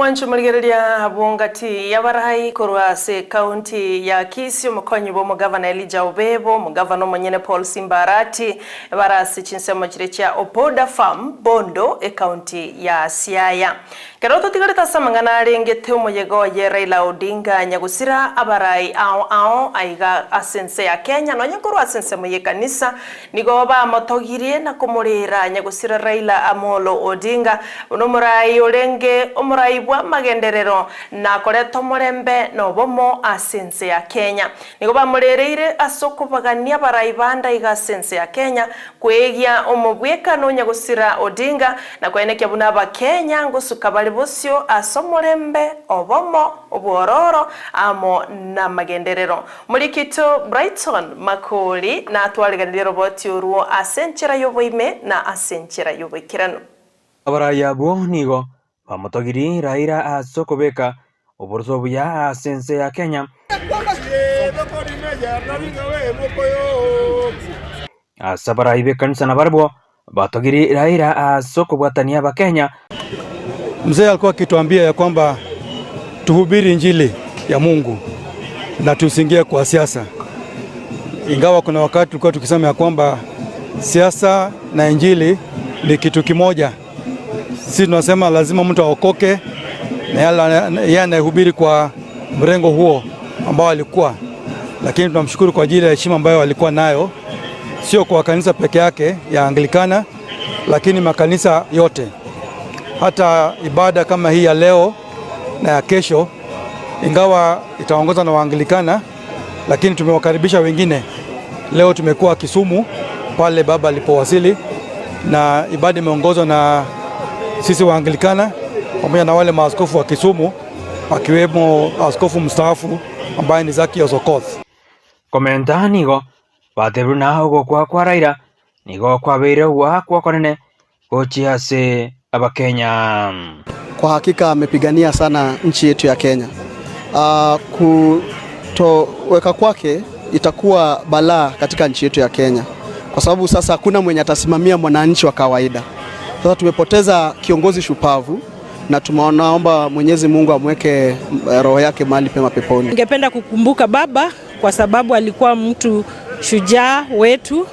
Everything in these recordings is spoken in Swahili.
mwanjumalikirĩria abungati ya barai korwa ase kaunti ya kisi omokonyi bwa omogavana elija obebo omogavana omonyene paul simbarati bara ase chinsemo chire chia opoda farm bondo ekaunti ya siaya kero totigarete ase amang'ana arengete omoyega oye raila odinga nyagusira abarai ao ao aiga asense ya kenya nonya korwa asense ensemo kanisa ekanisa nigo bamotogirie na komorera nyagusira raila amolo odinga buna omorai orenge omorai bwa magenderero na koreto morembe no bomo ase nse ya kenya nigo ba murereere asoko barai baraibanda iga ase ya kenya kwegia omobwekano onya gosira odinga na kwaenekia buna abakenya ngosuka bari bosio ase obomo obwororo amo na magenderero murikito brighton makoli na atwareganire roboti oruo ase yoboime na asenchira enchera yoboikerano abaraya bo nigo bamutogiri raira aasise okubeeka oburoso obuya aasa ensi eya kenya asaba kanisa na nabaribwo batogiri raira aasise okubwatania abakenya mzee alikuwa akituambia ya kwamba tuhubiri injili ya mungu na tusingie kwa siasa ingawa kuna wakati tulikuwa tukisema ya kwamba siasa na injili ni kitu kimoja sisi tunasema lazima mtu aokoke na yeye anayehubiri kwa mrengo huo ambao alikuwa, lakini tunamshukuru kwa ajili ya heshima ambayo alikuwa nayo, sio kwa kanisa peke yake ya Anglikana, lakini makanisa yote. Hata ibada kama hii ya leo na ya kesho, ingawa itaongozwa na Waanglikana, lakini tumewakaribisha wengine. Leo tumekuwa Kisumu pale baba alipowasili, na ibada imeongozwa na sisi Waanglikana pamoja na wale maaskofu wa Kisumu akiwemo askofu mstaafu ambaye ni Zakios Okoth komenta nigo bateru naho gokwa kwaraira nigo wa kwa konene kochi ase Kenya. kwa hakika amepigania sana nchi yetu ya Kenya. Uh, kutoweka kwake itakuwa balaa katika nchi yetu ya Kenya, kwa sababu sasa hakuna mwenye atasimamia mwananchi wa kawaida. Sasa tumepoteza kiongozi shupavu na tunaomba Mwenyezi Mungu amweke eh, roho yake mahali pema peponi. Ningependa kukumbuka baba kwa sababu alikuwa mtu shujaa wetu,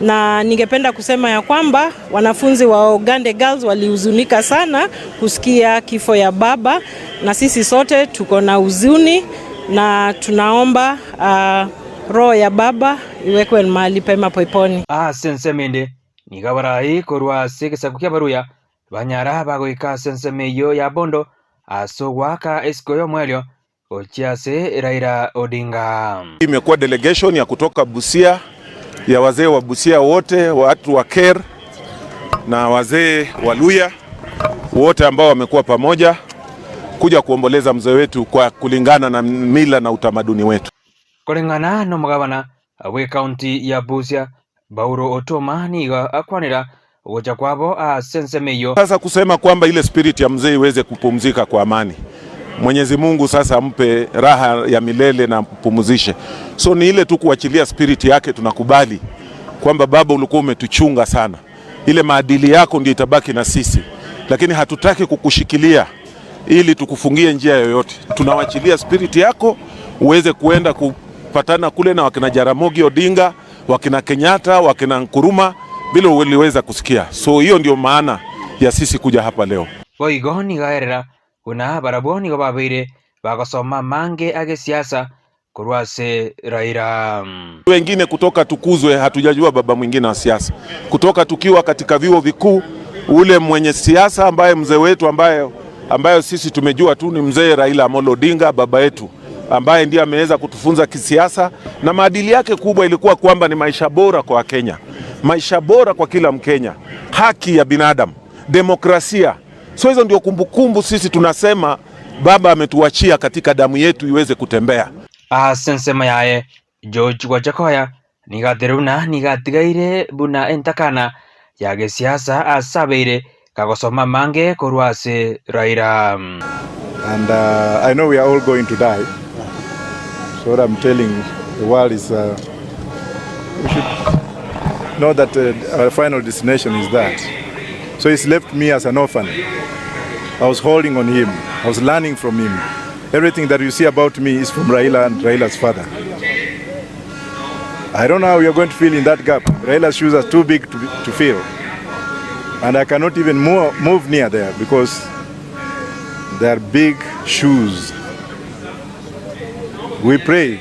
na ningependa kusema ya kwamba wanafunzi wa Ogande Girls walihuzunika sana kusikia kifo ya baba, na sisi sote tuko na huzuni na tunaomba uh, roho ya baba iwekwe mahali pema peponi. Ah, sensemende Nikabaraayi koruaase kesakukia baruya banyara bagoika sensemeyo ya bondo aso waka esikoyo mwelyo ochiase Raila Odinga. Imekuwa delegation ya kutoka Busia ya wazee wa Busia wote watu wa Ker na wazee wa Luya wote ambao wamekuwa pamoja kuja kuomboleza mzee wetu kwa kulingana na mila na utamaduni wetu kulingana na mgavana we kaunti ya Busia Bauro Otomani akwanira ugoja kwabo asensemeyo sasa kusema kwamba ile spirit ya mzee iweze kupumzika kwa amani. Mwenyezi Mungu sasa ampe raha ya milele na mpumzishe. So ni ile tu kuachilia spirit yake, tunakubali kwamba baba, ulikuwa umetuchunga sana, ile maadili yako ndio itabaki na sisi, lakini hatutaki kukushikilia ili tukufungie njia yoyote. Tunawachilia spirit yako uweze kuenda kupatana kule na wakina Jaramogi Odinga wakina Kenyatta, wakina Nkuruma bila uliweza kusikia. So hiyo ndio maana ya sisi kuja hapa leo boigoni gaerera una go gobabeire bagosoma mange age siasa kurwase Raila. Wengine kutoka tukuzwe, hatujajua baba mwingine wa siasa kutoka tukiwa katika vyuo vikuu. Ule mwenye siasa ambaye mzee wetu ambaye ambayo sisi tumejua tu ni mzee Raila Amolo Odinga baba yetu ambaye ndiye ameweza kutufunza kisiasa, na maadili yake kubwa ilikuwa kwamba ni maisha bora kwa Wakenya, maisha bora kwa kila Mkenya, haki ya binadamu, demokrasia. So hizo ndio kumbukumbu sisi tunasema baba ametuachia katika damu yetu iweze kutembea. asensema ah, yaye George Wajakoya nigathiruna nigatigaire buna entakana ya gisiasa asabeire kagosoma mange korwa ase Raila and uh, I know we are all going to die So what I'm telling the world is uh, we should know that uh, our final destination is that. So he's left me as an orphan. I was holding on him. I was learning from him. Everything that you see about me is from Raila and Raila's father. I don't know how you're going to fill in that gap. Raila's shoes are too big to, be, to fill. And I cannot even move, move near there because they are big shoes. We pray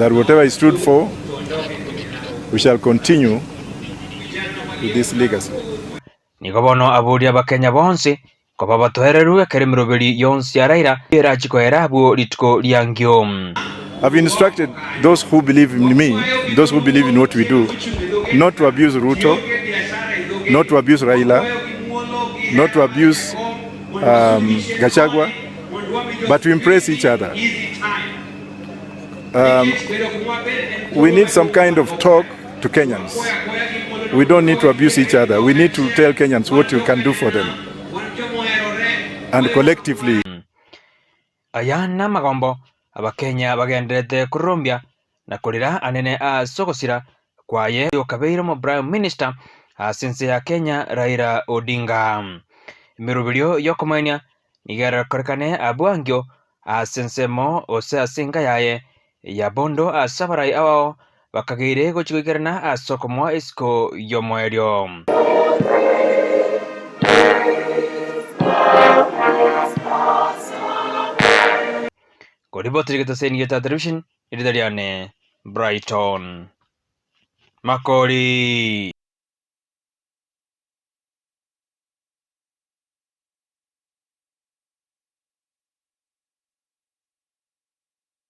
that whatever is stood for, we shall continue with this legacy. nigo bono aburi abakenya bonsi koba batohererwe ekere miroberi yonsi ya raira erachiko erabwo litiko lyangyo I've instructed those who believe in me, those who believe in what we do, not to abuse Ruto, not to abuse Raila, not to abuse um, Gachagua, but to impress each other. Um, we need some kind of talk to Kenyans. We don't need to abuse each other. We need to tell Kenyans what you can do for them. And collectively. na Magombo aba Kenya bagenderete kurumbia na kurira anene a sokosira kwa ye kwaye mo prime minister asinse ya Kenya Raila Odinga Mirubirio yokomania igera igarakorkane abwangyo ah, asensemo ah, ose asinga ah, yaye yabondo asabarai ao bakagire gochigoikerana asokomwa isiko yomo eryo koribotirigita senigeta television iritariane brighton makori